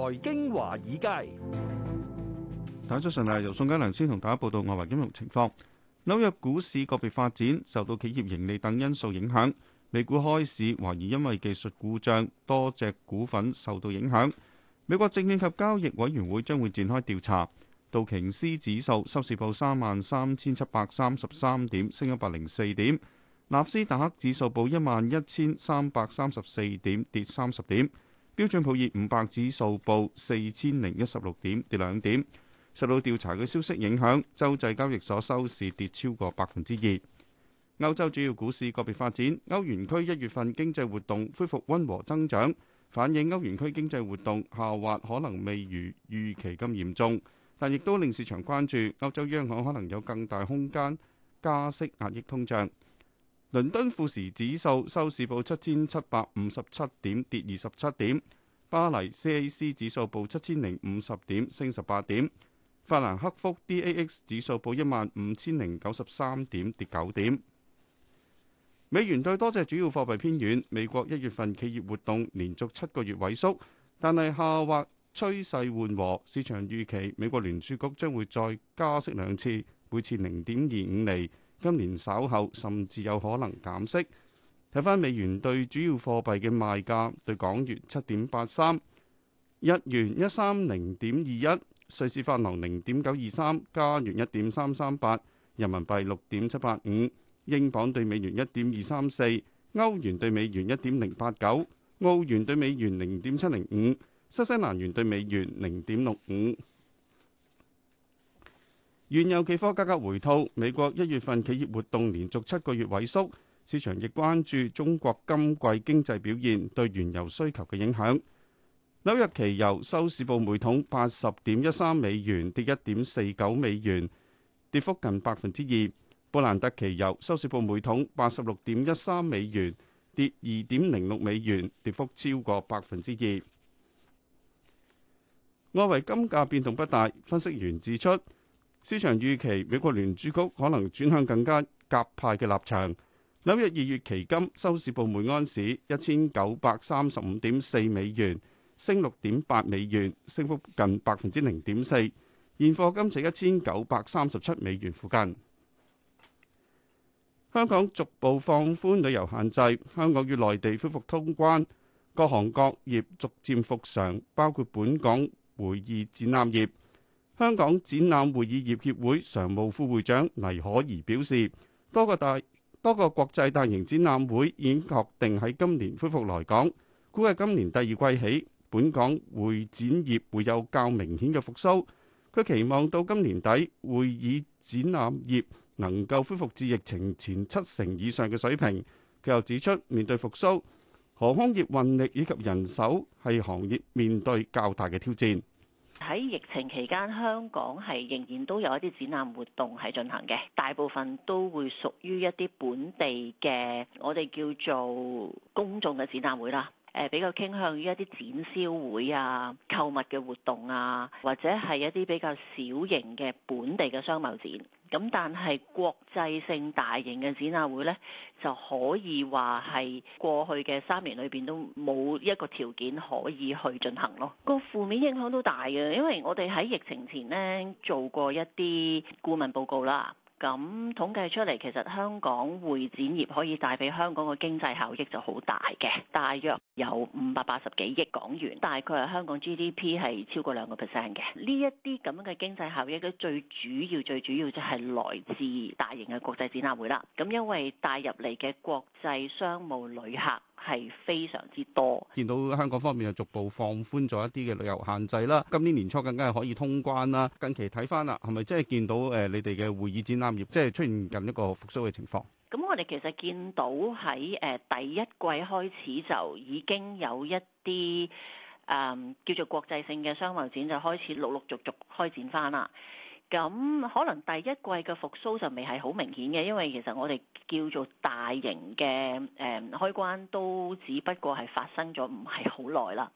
財經華爾街，大早晨啊。由宋嘉良先同大家報道外圍金融情況。紐約股市個別發展，受到企業盈利等因素影響。美股開市，懷疑因為技術故障，多隻股份受到影響。美國證券及交易委員會將會展開調查。道瓊斯指數收市報三萬三千七百三十三點，升一百零四點。納斯達克指數報一萬一千三百三十四點，跌三十點。標準普爾五百指數報四千零一十六點，跌兩點。受到調查嘅消息影響，洲際交易所收市跌超過百分之二。歐洲主要股市個別發展，歐元區一月份經濟活動恢復溫和增長，反映歐元區經濟活動下滑可能未如預期咁嚴重，但亦都令市場關注歐洲央行可能有更大空間加息壓抑通脹。倫敦富時指數收市報七千七百五十七點，跌二十七點；巴黎 CAC 指數報七千零五十點，升十八點；法蘭克福 DAX 指數報一萬五千零九十三點，跌九點。美元對多隻主要貨幣偏軟。美國一月份企業活動連續七個月萎縮，但係下滑趨勢緩和。市場預期美國聯儲局將會再加息兩次，每次零點二五厘。今年稍後甚至有可能減息。睇返美元對主要貨幣嘅賣價，對港元七點八三，日元一三零點二一，瑞士法郎零點九二三，加元一點三三八，人民幣六點七八五，英鎊對美元一點二三四，歐元對美元一點零八九，澳元對美元零點七零五，新西蘭元對美元零點六五。原油期貨價格回吐，美國一月份企業活動連續七個月萎縮。市場亦關注中國今季經濟表現對原油需求嘅影響。紐約期油收市報每桶八十點一三美元，跌一點四九美元，跌幅近百分之二。布蘭特期油收市報每桶八十六點一三美元，跌二點零六美元，跌幅超過百分之二。外圍金價變動不大，分析員指出。市場預期美國聯儲局可能轉向更加鴿派嘅立場。紐約二月期金收市報每安士一千九百三十五點四美元，升六點八美元，升幅近百分之零點四。現貨金在一千九百三十七美元附近。香港逐步放寬旅遊限制，香港與內地恢復通關，各行各業逐漸復常，包括本港會議展覽業。香港展覽會議業協會常務副會長倪可怡表示，多個大多個國際大型展覽會已經確定喺今年恢復來港，估計今年第二季起，本港會展業會有較明顯嘅復蘇。佢期望到今年底，會議展覽業能夠恢復至疫情前七成以上嘅水平。佢又指出，面對復蘇，航空業運力以及人手係行業面對較大嘅挑戰。喺疫情期間，香港係仍然都有一啲展覽活動係進行嘅，大部分都會屬於一啲本地嘅我哋叫做公眾嘅展覽會啦。比較傾向於一啲展銷會啊、購物嘅活動啊，或者係一啲比較小型嘅本地嘅商貿展。咁但係國際性大型嘅展覽會呢，就可以話係過去嘅三年裏邊都冇一個條件可以去進行咯。這個負面影響都大嘅，因為我哋喺疫情前呢，做過一啲顧問報告啦。咁統計出嚟，其實香港會展業可以帶俾香港嘅經濟效益就好大嘅，大約有五百八十幾億港元，大概係香港 GDP 係超過兩個 percent 嘅。呢一啲咁樣嘅經濟效益咧，最主要最主要就係來自大型嘅國際展覽會啦。咁因為帶入嚟嘅國際商務旅客，係非常之多，見到香港方面又逐步放寬咗一啲嘅旅遊限制啦。今年年初更加係可以通關啦。近期睇翻啦，係咪即係見到誒、呃、你哋嘅會議展覽業即係出現近一個復甦嘅情況？咁、嗯、我哋其實見到喺誒、呃、第一季開始就已經有一啲誒、呃、叫做國際性嘅商貿展就開始陸陸續續開展翻啦。咁可能第一季嘅復甦就未係好明顯嘅，因為其實我哋叫做大型嘅誒、呃、開關都只不過係發生咗唔係好耐啦。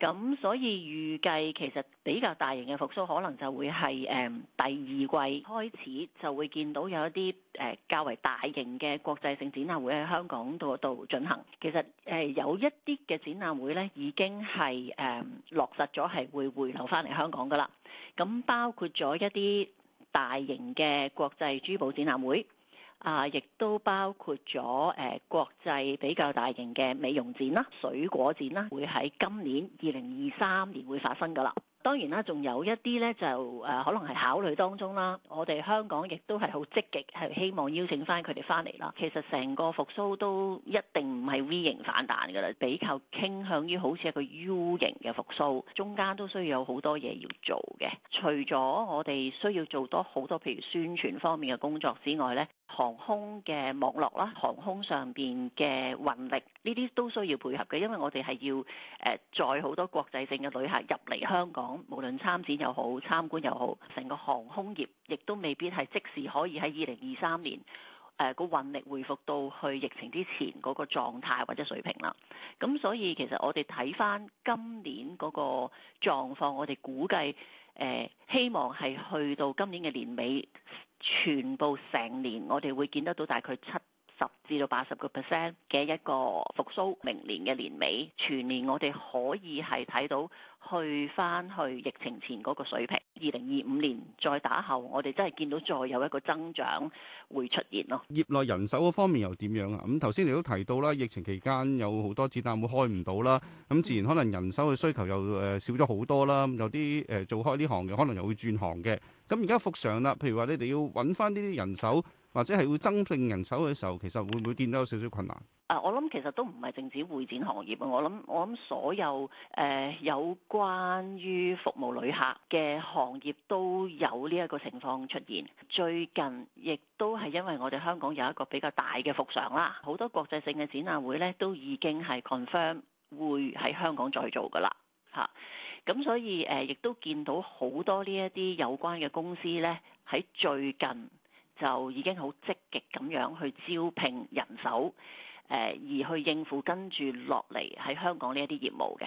咁所以預計其實比較大型嘅復甦可能就會係誒、嗯、第二季開始就會見到有一啲誒、嗯、較為大型嘅國際性展覽會喺香港度度進行。其實誒、嗯、有一啲嘅展覽會呢，已經係誒、嗯、落實咗係會回流翻嚟香港噶啦。咁包括咗一啲大型嘅國際珠寶展覽會。啊！亦都包括咗誒、呃、國際比較大型嘅美容展啦、水果展啦，會喺今年二零二三年會發生㗎喇。當然啦，仲有一啲咧就誒、呃，可能係考慮當中啦。我哋香港亦都係好積極，係希望邀請返佢哋返嚟喇。其實成個復甦都一定唔係 V 型反彈㗎喇，比較傾向於好似一個 U 型嘅復甦，中間都需要有好多嘢要做嘅。除咗我哋需要做多好多譬如宣傳方面嘅工作之外咧。航空嘅網絡啦，航空上面嘅運力呢啲都需要配合嘅，因為我哋係要誒載好多國際性嘅旅客入嚟香港，無論參展又好參觀又好，成個航空業亦都未必係即時可以喺二零二三年誒個運力恢復到去疫情之前嗰個狀態或者水平啦。咁所以其實我哋睇翻今年嗰個狀況，我哋估計誒希望係去到今年嘅年尾。全部成年，我哋會見得到大概七十至到八十個 percent 嘅一個復蘇，明年嘅年尾，全年我哋可以係睇到去翻去疫情前嗰個水平。二零二五年再打後我哋真係見到再有一個增長會出現咯。業內人手嗰方面又點樣啊？咁頭先你都提到啦，疫情期間有好多設施會開唔到啦，咁自然可能人手嘅需求又誒少咗好多啦。有啲誒做開呢行嘅，可能又會轉行嘅。咁而家復常啦，譬如話你哋要揾翻呢啲人手。或者係會增聘人手嘅時候，其實會唔會見到有少少困難？啊，我諗其實都唔係淨止會展行業啊，我諗我諗所有誒、呃、有關於服務旅客嘅行業都有呢一個情況出現。最近亦都係因為我哋香港有一個比較大嘅復常啦，好多國際性嘅展覽會咧都已經係 confirm 會喺香港再做噶啦，嚇、啊。咁所以誒，亦、呃、都見到好多呢一啲有關嘅公司咧喺最近。就已經好積極咁樣去招聘人手，而去應付跟住落嚟喺香港呢一啲業務嘅。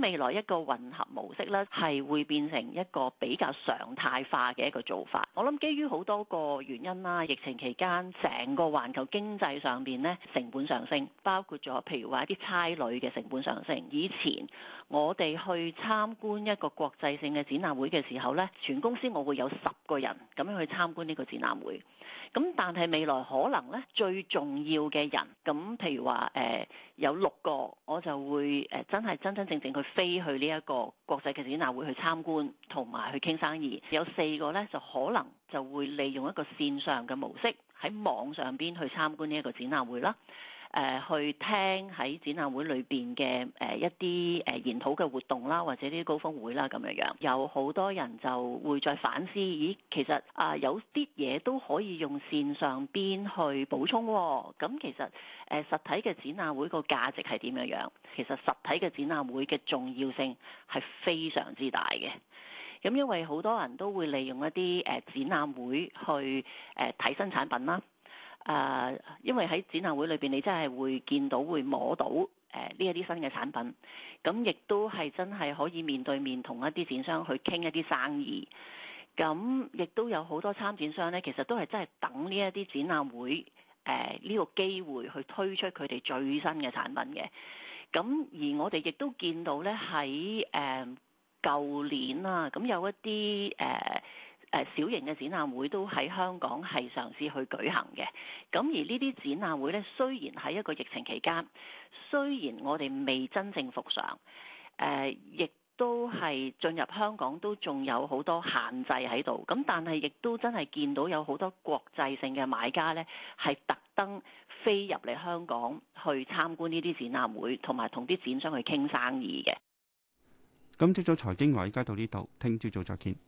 未來一個混合模式咧，係會變成一個比較常態化嘅一個做法。我諗基於好多個原因啦，疫情期間整個環球經濟上邊咧，成本上升，包括咗譬如話一啲差旅嘅成本上升。以前我哋去參觀一個國際性嘅展覽會嘅時候咧，全公司我會有十個人咁樣去參觀呢個展覽會，咁但係未來可能咧，最重要嘅人，咁譬如話誒、呃、有六個我就會誒真係真真正正去。飛去呢一個國際嘅展覽會去參觀，同埋去傾生意。有四個呢，就可能就會利用一個線上嘅模式，喺網上邊去參觀呢一個展覽會啦。誒去聽喺展覽會裏邊嘅誒一啲誒研討嘅活動啦，或者啲高峰會啦咁樣樣，有好多人就會再反思，咦，其實啊有啲嘢都可以用線上邊去補充，咁其實誒實體嘅展覽會個價值係點樣樣？其實實體嘅展覽會嘅重要性係非常之大嘅，咁因為好多人都會利用一啲誒展覽會去誒睇新產品啦。啊，uh, 因為喺展覽會裏邊，你真係會見到、會摸到誒呢一啲新嘅產品，咁亦都係真係可以面對面同一啲展商去傾一啲生意，咁亦都有好多參展商呢，其實都係真係等呢一啲展覽會誒呢、呃呢個機會去推出佢哋最新嘅產品嘅，咁而我哋亦都見到呢，喺誒舊年啊，咁有一啲誒，呃誒、 嗯、小型嘅展覽會都喺香港係嘗試去舉行嘅，咁而呢啲展覽會呢，雖然喺一個疫情期間，雖然我哋未真正復常，誒、呃、亦都係進入香港都仲有好多限制喺度，咁但係亦都真係見到有好多國際性嘅買家呢，係特登飛入嚟香港去參觀呢啲展覽會同埋同啲展商去傾生意嘅。咁朝、嗯、早財經華爾街已經到呢度，聽朝早再見。